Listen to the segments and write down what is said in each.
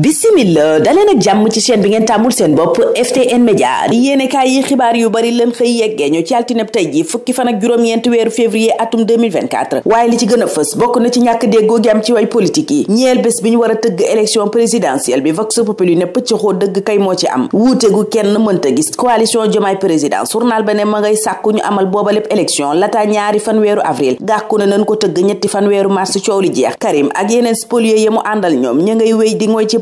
bisimila daleen ak jàmm ci chaîne bi ngeen tàmmul seen bopp ftn média yéenekaay yi xibaar yu bari leen xëy yeggee ñu ci altineb tey ji fukki fan ak juróom-ñeent weeru février atum 2024 waaye li ci gën a fës bokk na ci ñàkk déggoo gi am ci way politique yi ñeel bés bi ñu war a tëgg élection présidentielle bi vox populi ne pëcc dëgg kay moo ci am wuute gu kenn mënta gis coalition jomaay président journal ba ne ma ngay sàkku ñu amal booba lépp élection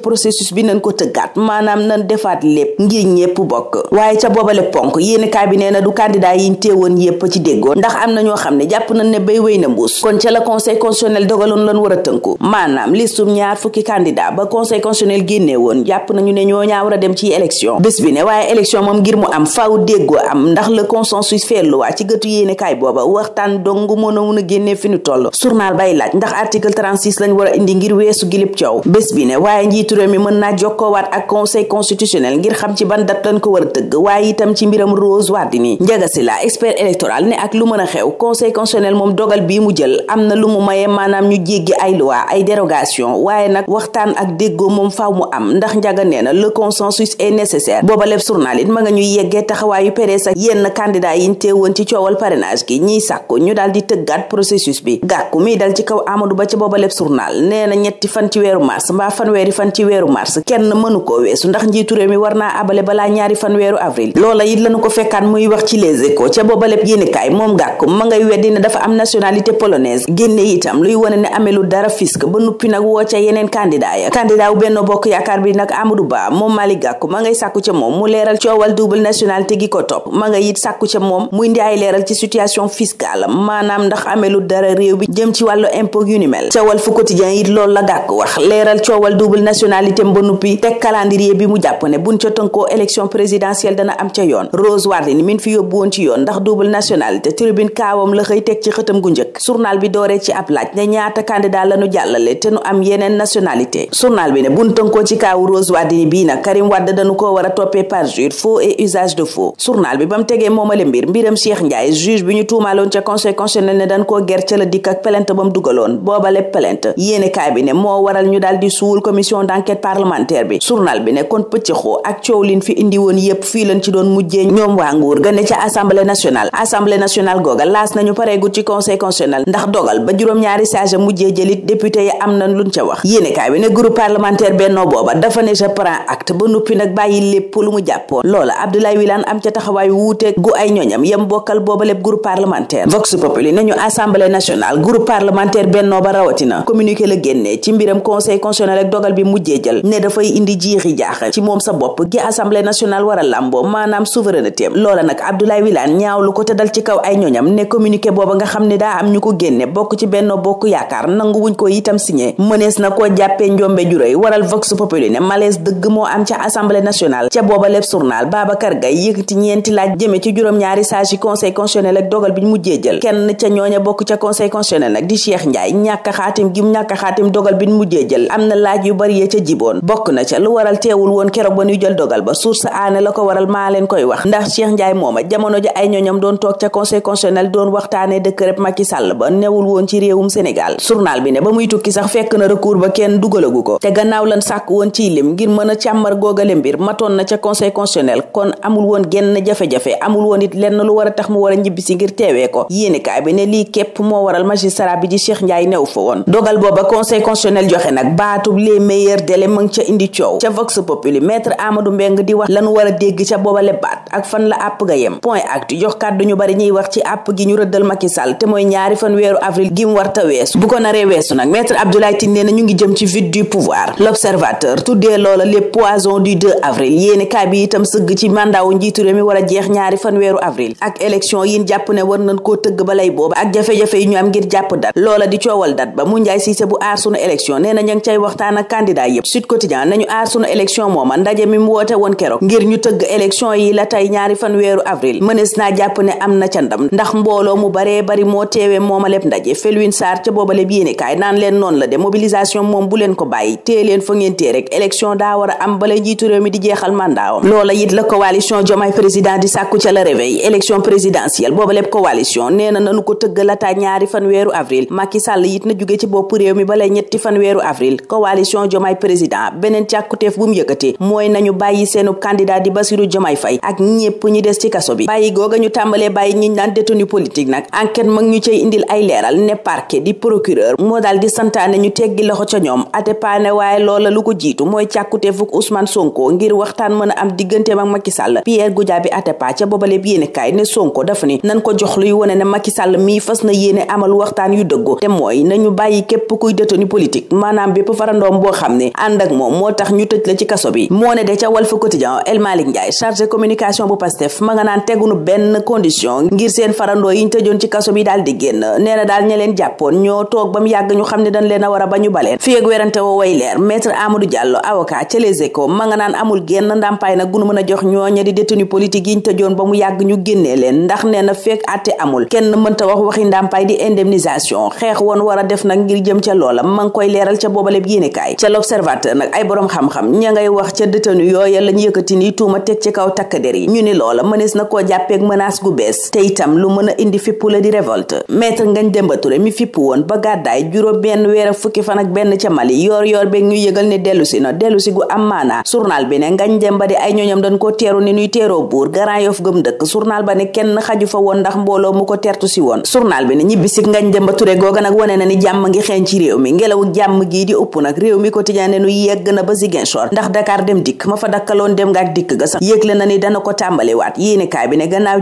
processus bi nañ ko tëggaat maanaam nan defaat lépp ngir ñépp bokk waaye ca boobale ponk yéeni kaay bi nee na du candidat yiñ téewoon yépp ci déggoo ndax am na ñoo xam ne jàpp nañ ne bay wéy na mbuus kon ca la conseil constitutionnel dogaloon lan war a tënku maanaam listum ñaar fukki candidat ba conseil constitutionnel génnee woon jàpp nañu ne ñoo ñaa war a dem ci élection bés bi ne waaye élection moom ngir mu am faw déggoo am ndax le consensus feetluwaa ci gëtu yéeni kaay booba waxtaan dong mën a mun a génnee fi ñu toll journal bay laaj ndax article 36 lañ war indi ngir weesu gilib coow bés bi ne waaye réew mi mën naa jokkoowaat ak conseil constitutionnel ngir xam ci ban date lañ ko war a tëgg waaye itam ci mbiram Rose si la expert électoral ne ak lu mën a xew conseil constitutionnel moom dogal bii mu jël am na lu mu maye maanaam ñu jéggi ay loi ay dérogation waaye nag waxtaan ak déggoo moom faaw mu am ndax njaga nee na le consensus est nécessaire booba leb journal it ma nga ñuy yeggee taxawaayu PDS ak yenn candidat yi ñu teewoon ci coowal parrainage gi ñiy sàkku ñu daal di tëggaat processus bi gàkku mi dal ci kaw Amadou Ba ca booba leb journal nee na ñetti fan ci weeru mars mbaa fanweeri fan ci weeru mars kenn mënu koo weesu ndax njiitu réew mi war naa abale balaa ñaari fan weeru avril loola it lañu ko fekkaan muy wax ci les échos ca boobaleb yéenekaay moom gàkku moom Mali gàkku ma ngay sàkku ca moom mu leeral coowal double nationalité gi ko topp ma nga it sàkku ca moom muy ndi leeral ci situation fiscale maanaam ndax amelu dara réew bi jëm ci wàllu impôt yu mel coowal fu quotidien it loolu la gàkku wax leeral coowal double nationalité am ba nuppi teg calendrier bi mu jàpp ne buñ ca tënkoo élection présidentielle dana am ca yoon Rose Wardini min fi yóbbu woon ci yoon ndax double nationalité tribune kaawam la xëy teg ci xëtam gu njëkk journal bi dooree ci ab laaj ne ñaata candidat la jàllale te nu am yeneen nationalité journal bi ne buñ tënkoo ci kaawu Rose Wardini bii nag Karim Wade dañu ko war a toppee parjure faux et usage de faux journal bi ba mu tegee moomale mbir mbiram d' enquête parlementaire bi journal bi ne kon pëccëxoo ak coow lin fi indi woon yépp fii lan ci doon mujjee ñoom waa nguur gane ndax dogal ba juróom-ñaari sage mujjee jëlit député yi am nañ luñ ca wax yéenekaay bi ne groupe parlementaire bennoo ba nuppi nag bàyyi lépp lu mu jàppoon loola Abdoulaye Wilane am ca nañu assemblée nationale groupe parlementaire bennoo ba rawatina communiqué la génne ci mbiram conseil constitutionnel ak dogal bi mujj jéejal ne dafay indi jiixi jaax ci moom sa bopp gi assemblée nationale war a làmboo maanaam souveraineté loola nag Abdoulaye Wilane ñaawlu ko te dal ci kaw ay ñoñam ne communiqué booba nga xam ne daa am ñu ko génne bokk ci Benno Bokk Yaakaar nangu wuñ ko itam signé mënees na koo jàppee njombe juróy waral vox populi ne malaise dëgg moo am ca assemblée nationale ca booba lépp journal Babacar Gaye yëkkati ñeenti laaj jëme ci juróom-ñaari sages yi conseil constitutionnel ak dogal bi ñu mujjee jël kenn ca ñooña bokk ca conseil constitutionnel nag bi ñu ca jiboon bokk na ca lu waral teewul woon keroog ba ñuy jël dogal ba source aane la ko waral maa leen koy wax ndax Cheikh Ndiaye mooma jamono ja ay ñoñam doon toog ca conseil constitutionnel doon waxtaane décret Macky Sall ba newul woon ci réewum Sénégal journal bi ne ba muy tukki sax fekk na recours ba kenn dugalagu ko te gannaaw lan sàkk woon ciy lim ngir mën a càmmar googale mbir matoon na ca conseil constitutionnel kon amul woon genn jafe-jafe amul woon it lenn lu war a tax mu war a ñibbisi ngir teewee ko yéenekaay bi ne lii képp moo waral magistrat bi di Cheikh Ndiaye new fa woon délai ma ngi ca indi coow ca vox populi maître amadou mbeng di wax lan war a dégg ca boobale baat ak fan la àpp ga yem point actu jox kàddu ñu bari ñuy wax ci àpp gi ñu rëddal Macky Sall te mooy ñaari fan weeru avril gi mu weesu bu ko weesu nag maître Abdoulaye Tine nee ñu ngi jëm ci vide du pouvoir l'observateur tuddee loola les poisons du avril yéeni kaay bi itam sëgg ci mandaawu njiitu réew mi war a jeex ñaari koo tëgg ba lay booba ak jafe-jafe yi ñu am ngir jàpp dat loola di coowal dat ba mu njaay siise yëpp Sud Quotidien nañu aar sunu élection mooma ndaje mi mu woote woon keroog ngir ñu tëgg élection yi la tey ñaari fan avril mënees naa jàpp na ca la de mobilisation moom bu leen ko bàyyi tée leen fa ngeen tée a am bala la coalition Diomaye président di sàkku ca la réveil élection présidentielle booba lépp coalition nee na nanu ci bopp réew mi bala ñetti fan avril coalition Diomaye président beneen càkkuteef bu mu yëkkati mooy nañu bàyyi seenu candidat di Bassirou Diomaye Faye ak ñépp ñi des ci kaso bi bàyyi googa ñu tàmbalee bàyyi ñi naan détenu politique nag enquête mag ñu cay indil ay leeral ne parquet di procureur moo daal di santaane ñu teggi loxo ca ñoom ate paane waaye loola lu ko jiitu mooy càkkuteefuk Ousmane Sonko ngir waxtaan mën a am digganteem ak Macky Sall Pierre Goudiaby Atepa ca boobale bi yéenekaay ne Sonko dafa ni nan ko jox luy wone ne Macky Sall mii fas na yéene amal waxtaan yu dëggu te mooy nañu bàyyi képp kuy détenu politique ni ak moom moo tax ñu tëj la ci kaso bi moo ne de ca Walf Quotidien El Malick Ndiaye chargé communication bu Pastef ma nga naan tegunu benn condition ngir seen farandoo yi ci kaso bi daal di génn nee daal ña leen jàppoon ñoo toog ba mu yàgg ñu xam ne dañ leen war a ba ñu baleen fi ak werante woo way leer maître Amadou Diallo avocat nga a jox ñooña di détenu politique yi ñu tëjoon ba mu yàgg ñu génnee leen ndax nee na fekk àtte amul kenn mënta wax waxi ndàmpaay di indemnisation xeex woon war def nag ngir jëm ca loola ma ngi koy leeral ca boobaleb yéenekaay ca l'observateur nag ay borom xam-xam ña ngay wax ca détenu yooya lañ yëkkati ni tuuma teg ci kaw takk der yi ñu ni loola mënees na koo jàppeeg menace gu bees te itam lu mën a indi fippu mi fippu woon ba gàddaay juróom benn weer fukki fan ak benn ca Mali yoor yoor beeg ñu yëgal ne dellu si na dellu si gu am maanaa journal bi ne Ngagne Demba di ay ñooñam dañ koo teeru ni ñuy teeroo buur Grand Yoff gëm dëkk journal ba ne kenn xaju fa woon ndax mu ko tertu si woon journal bi ne ñibbisi Ngagne Demba Touré googa nag wane na ni jàmm ngi xeeñ ci réew mi ngelaw jàmm gii di upp nag réew mi quotidien ne nu yegg na ba Ziguinchor ndax Dakar dem dikk ma fa dakkaloon dem ngaak dikk ga sax yégle na ni dana ko tàmbaliwaat yéene kaay bi ne gannaaw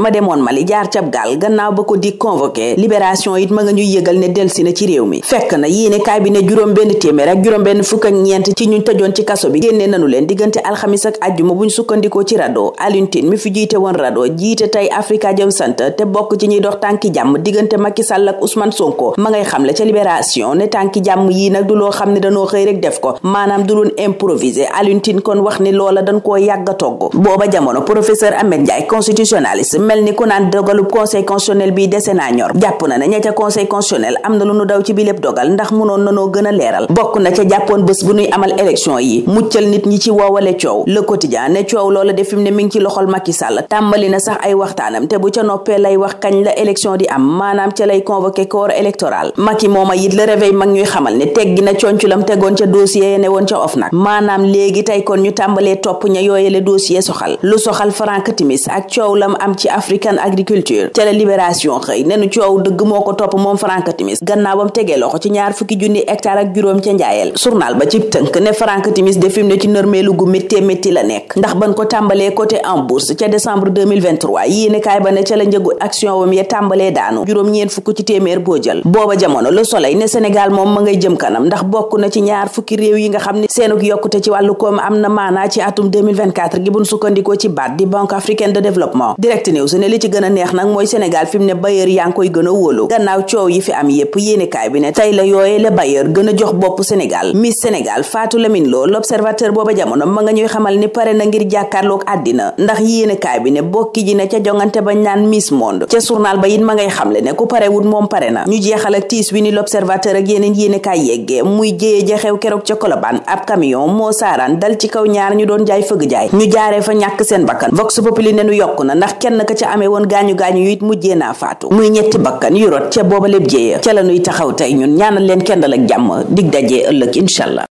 ma demoon Mali jaar cab gaal gannaaw ba ko di convoqué libération it ma nga ñuy yëgal ne delsi na ci réew mi fekk na yéene kaay bi ne juróom benn téeméer ak juróom benn fukk ak ñeent ci ñu tojoon ci kaso bi génne nanu leen diggante alxamis ak àjjuma buñ sukkandikoo ci rado Alioune mi fi jiite woon rado jiite tey Afrikajom Center te bokk ci ñuy dox tànki jàmm diggante Macky Sall ak Ousmane Sonko ma ngay xam le ca libération ne tànki jàmm yii nag du loo xam ne dañoo xëy rek def ko maanaam du luñ improvisé Alioune Tine kon wax ni loola dañ koo yàgg a togg booba jamono professeur Ahmed Ndiaye constitutionnaliste mel ni ku naan dogalub conseil constitutionnel bi dese naa ñor jàpp na ne ña ca conseil constitutionnel am na lu nu daw ci bi lépp dogal ndax mënoon nanoo gën a leeral bokk na ca jàppoon bés bu nuy amal élection yi muccal nit ñi ci woowale coow le quotidien ne coow wax kañ la élection di am maanaam ca lay convoqué corps électoral Macky mooma it le réveil mag ñuy xamal ne teggi na conculam tegoon ca dossier ya woon ca OFNAC maanaam léegi tey kon ñu tàmbalee topp ña yooyele dossier soxal lu soxal Frank Timis ak coow lam am ci African Agriculture ca la libération xëy nenu coow dëgg moo ko topp moom Frank Timis gannaaw bam loxo ci ñaar fukki junni hectare ak juróom ca njaayel journal ba ci tënk ne action wam ya tàmbalee daanu juróom-ñeen fukk ci téeméer boo jël booba jamono le soleil ne Sénégal moom ma ngay jëm kanam ndax bokk na ci ñaar fukki réew yi nga xam ne seenuk yokkute ci wàllu koom am na maanaa ci atum 2024 gi buñ sukkandikoo baat di banque africaine de développement direct news ne li ci gën neex nag mooy Sénégal fi ne bailleur yaa ngi koy gën wóolu gannaaw coow yi fi am yépp yéenekaay bi ne tey la yooye la bailleur gën jox bopp Sénégal Miss Sénégal Fatou Lamine Lo l'observateur booba jamono ma nga ànd ca journal ba it ma ngay xamle ne ku parewut moom pare na ñu jeexal ak tiis wi ni l'observateur ak yeneen yéene kaay yeggee muy jéyee ja xew keroog ca Colobane ab camion moo saaraan dal ci kaw ñaar ñu doon jaay fëgg jaay ñu jaaree fa ñàkk seen bakkan vox populi ne nu yokk na ndax kenn ka ca amee woon gaañu-gaañu yu it mujjee naa faatu muy ñetti bakkan yu rot ca booba lépp jéeya ca la nuy taxaw tey ñun ñaanal leen kendal ak jàmm dig dajee ëllëg incha allah